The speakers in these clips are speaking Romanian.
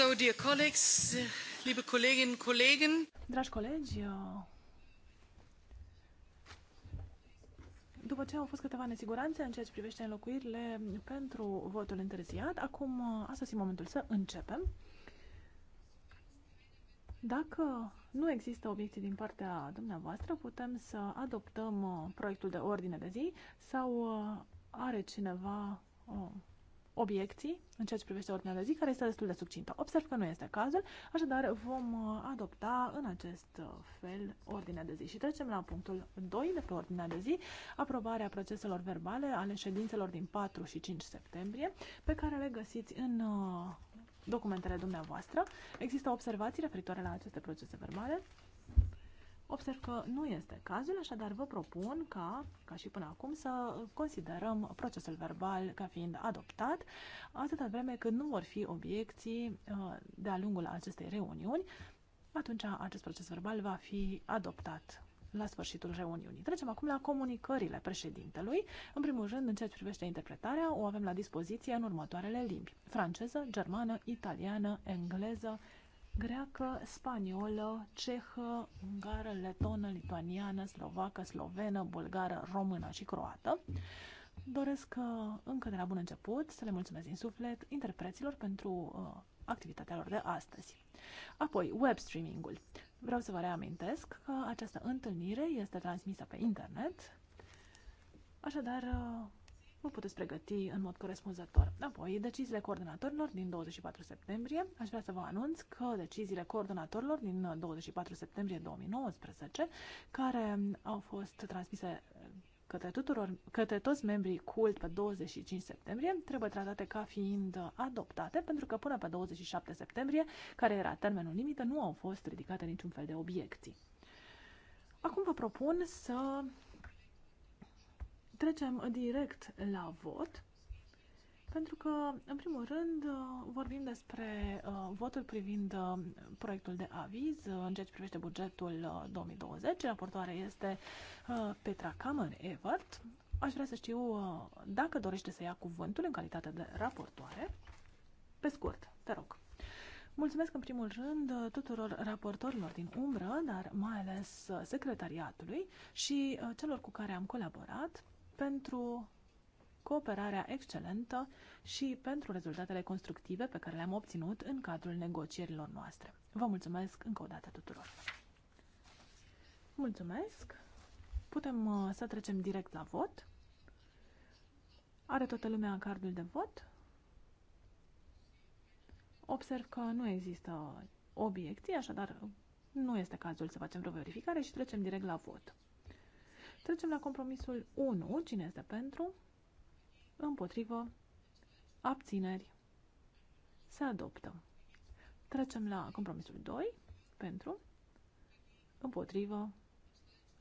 So, dear colleagues, liebe Kolleginnen und Kollegen. Dragi colegi, uh, după ce au fost câteva nesiguranțe în ceea ce privește înlocuirile pentru votul întârziat, acum uh, a sosit momentul să începem. Dacă nu există obiecții din partea dumneavoastră, putem să adoptăm uh, proiectul de ordine de zi sau are cineva o obiecții în ceea ce privește ordinea de zi, care este destul de succintă. Observ că nu este cazul, așadar vom uh, adopta în acest uh, fel ordinea de zi. Și trecem la punctul 2 de pe ordinea de zi, aprobarea proceselor verbale ale ședințelor din 4 și 5 septembrie, pe care le găsiți în uh, documentele dumneavoastră. Există observații referitoare la aceste procese verbale? observ că nu este cazul, așadar vă propun ca, ca și până acum, să considerăm procesul verbal ca fiind adoptat, atâta vreme cât nu vor fi obiecții uh, de-a lungul acestei reuniuni, atunci acest proces verbal va fi adoptat la sfârșitul reuniunii. Trecem acum la comunicările președintelui. În primul rând, în ceea ce privește interpretarea, o avem la dispoziție în următoarele limbi. Franceză, germană, italiană, engleză, greacă, spaniolă, cehă, ungară, letonă, lituaniană, slovacă, slovenă, bulgară, română și croată. Doresc uh, încă de la bun început să le mulțumesc din suflet interpreților pentru uh, activitatea lor de astăzi. Apoi, web streamingul. Vreau să vă reamintesc că această întâlnire este transmisă pe internet, așadar uh, vă puteți pregăti în mod corespunzător. Apoi, deciziile coordonatorilor din 24 septembrie. Aș vrea să vă anunț că deciziile coordonatorilor din 24 septembrie 2019, care au fost transmise către, tuturor, către toți membrii cult pe 25 septembrie, trebuie tratate ca fiind adoptate, pentru că până pe 27 septembrie, care era termenul limită, nu au fost ridicate niciun fel de obiecții. Acum vă propun să trecem direct la vot, pentru că, în primul rând, uh, vorbim despre uh, votul privind uh, proiectul de aviz în ceea ce privește bugetul 2020. Raportoarea este Petra Cameron Evert. Aș vrea să știu dacă dorește să ia cuvântul în calitate de raportoare. Pe scurt, te rog. Mulțumesc în primul rând tuturor raportorilor din umbră, dar mai ales secretariatului și celor cu care am colaborat pentru cooperarea excelentă și pentru rezultatele constructive pe care le-am obținut în cadrul negocierilor noastre. Vă mulțumesc încă o dată tuturor! Mulțumesc! Putem uh, să trecem direct la vot. Are toată lumea cardul de vot? Observ că nu există obiecții, așadar nu este cazul să facem vreo verificare și trecem direct la vot. Trecem la compromisul 1. Cine este pentru? Împotrivă. Abțineri. Se adoptă. Trecem la compromisul 2. Pentru. Împotrivă.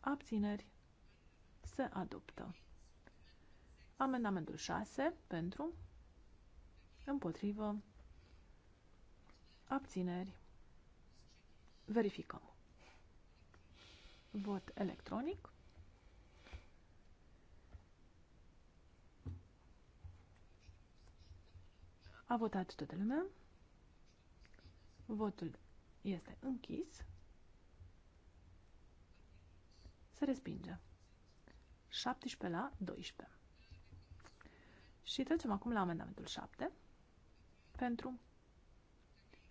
Abțineri. Se adoptă. Amendamentul 6. Pentru. Împotrivă. Abțineri. Verificăm. Vot electronic. A votat toată lumea. Votul este închis. Se respinge. 17 la 12. Și trecem acum la amendamentul 7. Pentru,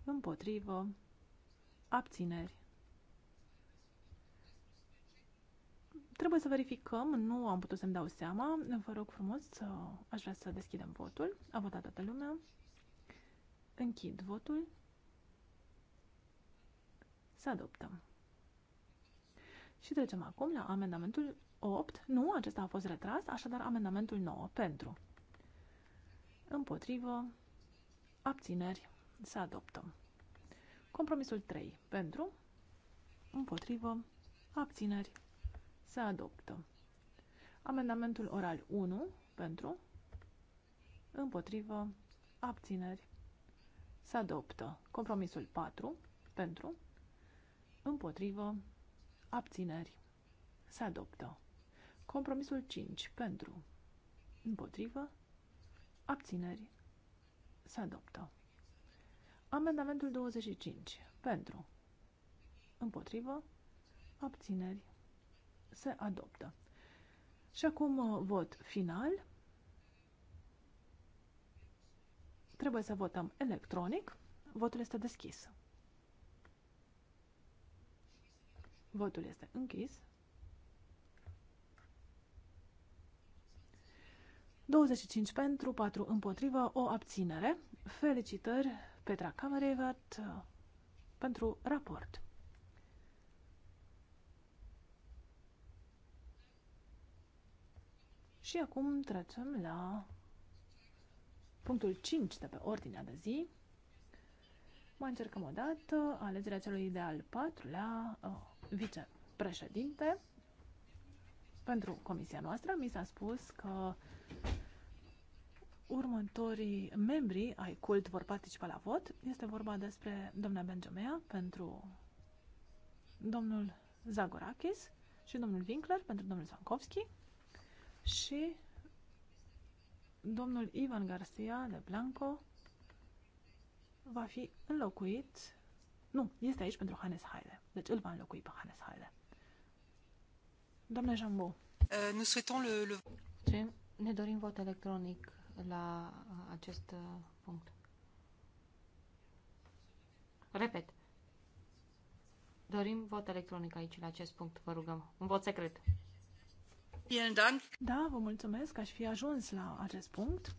împotrivă, abțineri. Trebuie să verificăm, nu am putut să-mi dau seama. Vă rog frumos, să... aș vrea să deschidem votul. A votat toată lumea. Închid votul. să adoptăm. Și trecem acum la amendamentul 8. Nu, acesta a fost retras, așadar amendamentul 9 pentru. Împotrivă. Abțineri. să adoptăm. Compromisul 3 pentru. Împotrivă. Abțineri. să adoptăm. Amendamentul oral 1 pentru. Împotrivă. Abțineri se adoptă. Compromisul 4 pentru, împotrivă, abțineri, se adoptă. Compromisul 5 pentru, împotrivă, abțineri, se adoptă. Amendamentul 25 pentru, împotrivă, abțineri, se adoptă. Și acum uh, vot final. Trebuie să votăm electronic. Votul este deschis. Votul este închis. 25 pentru, 4 împotrivă, o abținere. Felicitări Petra Camerevert pentru raport. Și acum trecem la punctul 5 de pe ordinea de zi. Mai încercăm o dată alegerea celui de al patrulea uh, vicepreședinte pentru comisia noastră. Mi s-a spus că următorii membri ai cult vor participa la vot. Este vorba despre doamna Benjamea pentru domnul Zagorakis și domnul Winkler pentru domnul Zankowski și domnul Ivan Garcia de Blanco va fi înlocuit. Nu, este aici pentru Hannes Heide Deci îl va înlocui pe Hannes Heide Doamne Jambo. Uh, nous le, le... Ce? Ne dorim vot electronic la uh, acest uh, punct. Repet. Dorim vot electronic aici, la acest punct, vă rugăm. Un vot secret. Da, vă mulțumesc că aș fi ajuns la acest punct.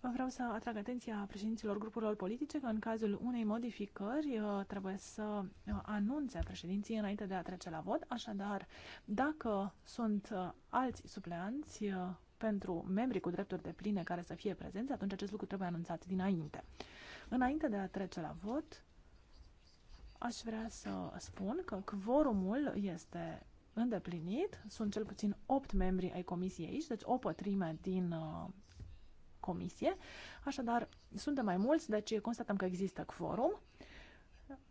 Vreau să atrag atenția președinților grupurilor politice că în cazul unei modificări uh, trebuie să uh, anunțe președinții înainte de a trece la vot. Așadar, dacă sunt uh, alți supleanți pentru membrii cu drepturi de pline care să fie prezenți, atunci acest lucru trebuie anunțat dinainte. Înainte de a trece la vot, aș vrea să spun că quorumul este îndeplinit. Sunt cel puțin 8 membri ai comisiei aici, deci o pătrime din uh, comisie. Așadar, suntem mai mulți, deci constatăm că există quorum.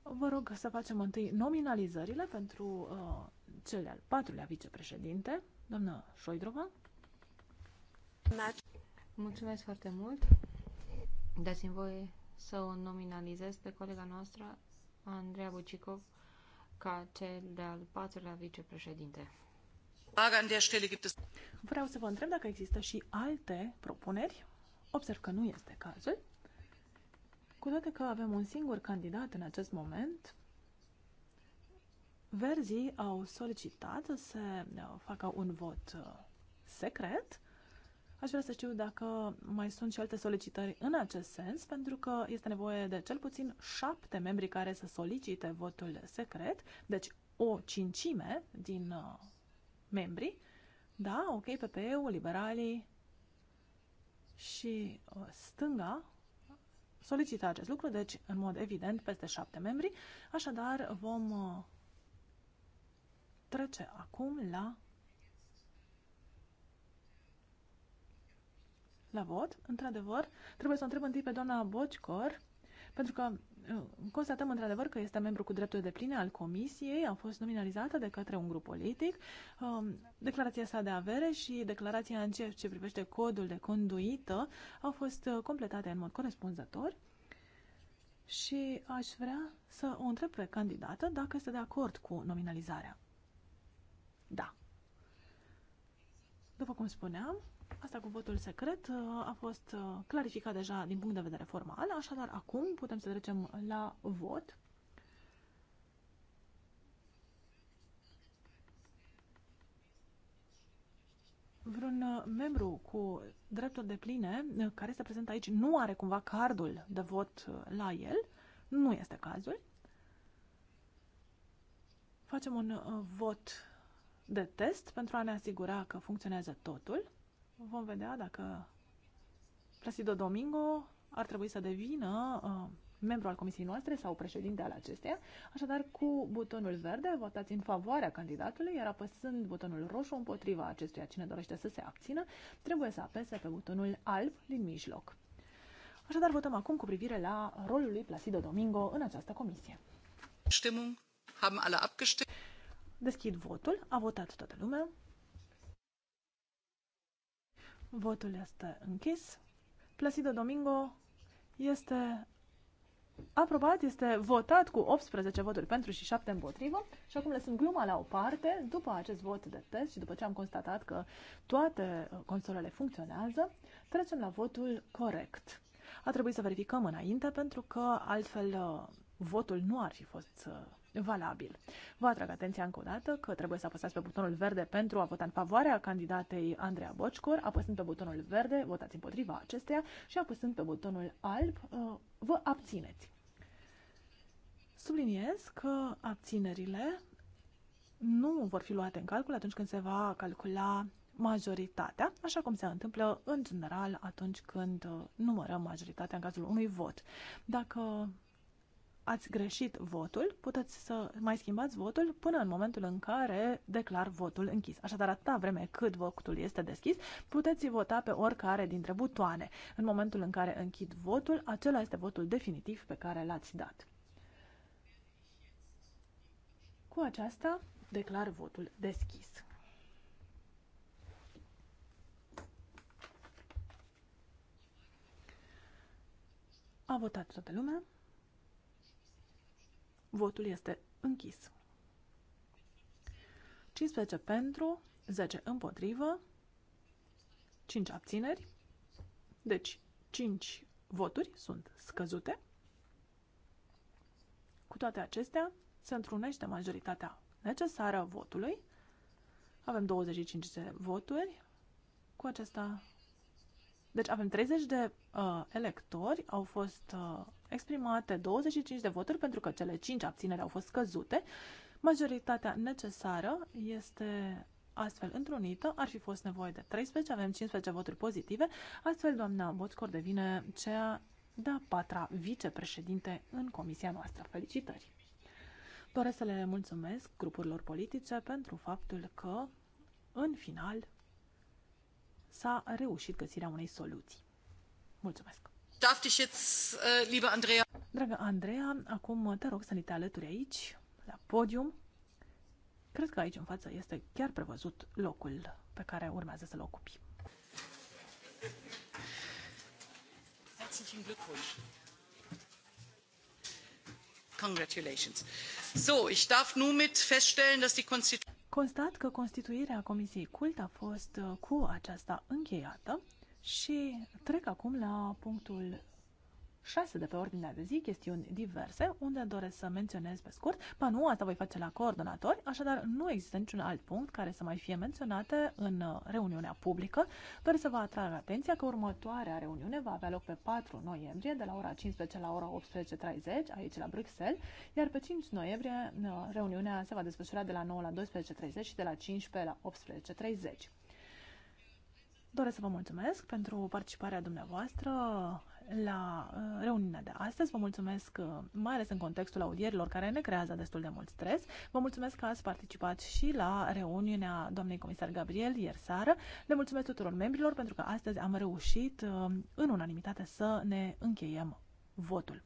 Vă rog să facem întâi nominalizările pentru uh, cele al patrulea vicepreședinte, doamna Șoidrova. Mulțumesc foarte mult. Dați-mi voie să o nominalizez pe colega noastră, Andreea Bucicov, ca cel de-al patrulea vicepreședinte. Vreau să vă întreb dacă există și alte propuneri. Observ că nu este cazul. Cu toate că avem un singur candidat în acest moment, Verzii au solicitat să se facă un vot uh, secret Aș vrea să știu dacă mai sunt și alte solicitări în acest sens, pentru că este nevoie de cel puțin șapte membri care să solicite votul secret, deci o cincime din uh, membri. Da, ok, PPE-ul, liberalii și uh, stânga solicită acest lucru, deci în mod evident peste șapte membri. Așadar vom uh, trece acum la la vot. Într-adevăr, trebuie să o întreb întâi pe doamna Bocicor, pentru că uh, constatăm într-adevăr că este membru cu drepturi de pline al comisiei, a fost nominalizată de către un grup politic. Um, declarația sa de avere și declarația în ceea ce privește codul de conduită au fost uh, completate în mod corespunzător. Și aș vrea să o întreb pe candidată dacă este de acord cu nominalizarea. Da. După cum spuneam, Asta cu votul secret uh, a fost uh, clarificat deja din punct de vedere formal, așadar acum putem să trecem la vot. Vreun uh, membru cu drepturi de pline care este prezent aici nu are cumva cardul de vot la el, nu este cazul. Facem un vot de test pentru a ne asigura că funcționează totul. Vom vedea dacă Placido Domingo ar trebui să devină uh, membru al comisiei noastre sau președinte al acesteia. Așadar, cu butonul verde votați în favoarea candidatului, iar apăsând butonul roșu împotriva acestuia cine dorește să se abțină, trebuie să apese pe butonul alb din mijloc. Așadar, votăm acum cu privire la rolul lui Placido Domingo în această comisie. Haben alle abgestimmt. Deschid votul. A votat toată lumea. Votul este închis. Placido Domingo este aprobat, este votat cu 18 voturi pentru și 7 împotrivă. Și acum lăsând gluma la o parte, după acest vot de test și după ce am constatat că toate uh, consolele funcționează, trecem la votul corect. A trebuit să verificăm înainte pentru că altfel uh, votul nu ar fi fost uh, valabil. Vă atrag atenția încă o dată că trebuie să apăsați pe butonul verde pentru a vota în favoarea candidatei Andreea Bocicor. apăsând pe butonul verde, votați împotriva acesteia și apăsând pe butonul alb, uh, vă abțineți. Subliniez că abținerile nu vor fi luate în calcul atunci când se va calcula majoritatea, așa cum se întâmplă în general atunci când uh, numărăm majoritatea în cazul unui vot. Dacă ați greșit votul, puteți să mai schimbați votul până în momentul în care declar votul închis. Așadar, atâta vreme cât votul este deschis, puteți vota pe oricare dintre butoane. În momentul în care închid votul, acela este votul definitiv pe care l-ați dat. Cu aceasta, declar votul deschis. A votat toată lumea. Votul este închis. 15 pentru, 10 împotrivă, 5 abțineri. Deci 5 voturi sunt scăzute. Cu toate acestea, se întrunește majoritatea necesară votului. Avem 25 de voturi. Cu acesta... Deci avem 30 de uh, electori, au fost uh, exprimate 25 de voturi pentru că cele 5 abțineri au fost scăzute. Majoritatea necesară este astfel întrunită, ar fi fost nevoie de 13, avem 15 voturi pozitive, astfel doamna Boțcor devine cea de-a patra vicepreședinte în comisia noastră. Felicitări! Doresc să le mulțumesc grupurilor politice pentru faptul că, în final, s-a reușit găsirea unei soluții. Mulțumesc! darf dich jetzt, äh, liebe Andrea... Dragă Andreea, acum te rog să ne te alături aici, la podium. Cred că aici în față este chiar prevăzut locul pe care urmează să-l ocupi. Herzlichen Glückwunsch. Congratulations. So, ich darf nun mit feststellen, dass die Constit Constat că constituirea Comisiei Cult a fost uh, cu aceasta încheiată și trec acum la punctul 6 de pe ordinea de zi, chestiuni diverse, unde doresc să menționez pe scurt, pa nu, asta voi face la coordonatori, așadar nu există niciun alt punct care să mai fie menționate în reuniunea publică. Doresc să vă atrag atenția că următoarea reuniune va avea loc pe 4 noiembrie, de la ora 15 la ora 18.30, aici la Bruxelles, iar pe 5 noiembrie uh, reuniunea se va desfășura de la 9 la 12.30 și de la 15 la 18.30. Doresc să vă mulțumesc pentru participarea dumneavoastră la uh, reuniunea de astăzi. Vă mulțumesc, uh, mai ales în contextul audierilor care ne creează destul de mult stres. Vă mulțumesc că ați participat și la reuniunea doamnei comisar Gabriel ieri seară. Le mulțumesc tuturor membrilor pentru că astăzi am reușit uh, în unanimitate să ne încheiem votul.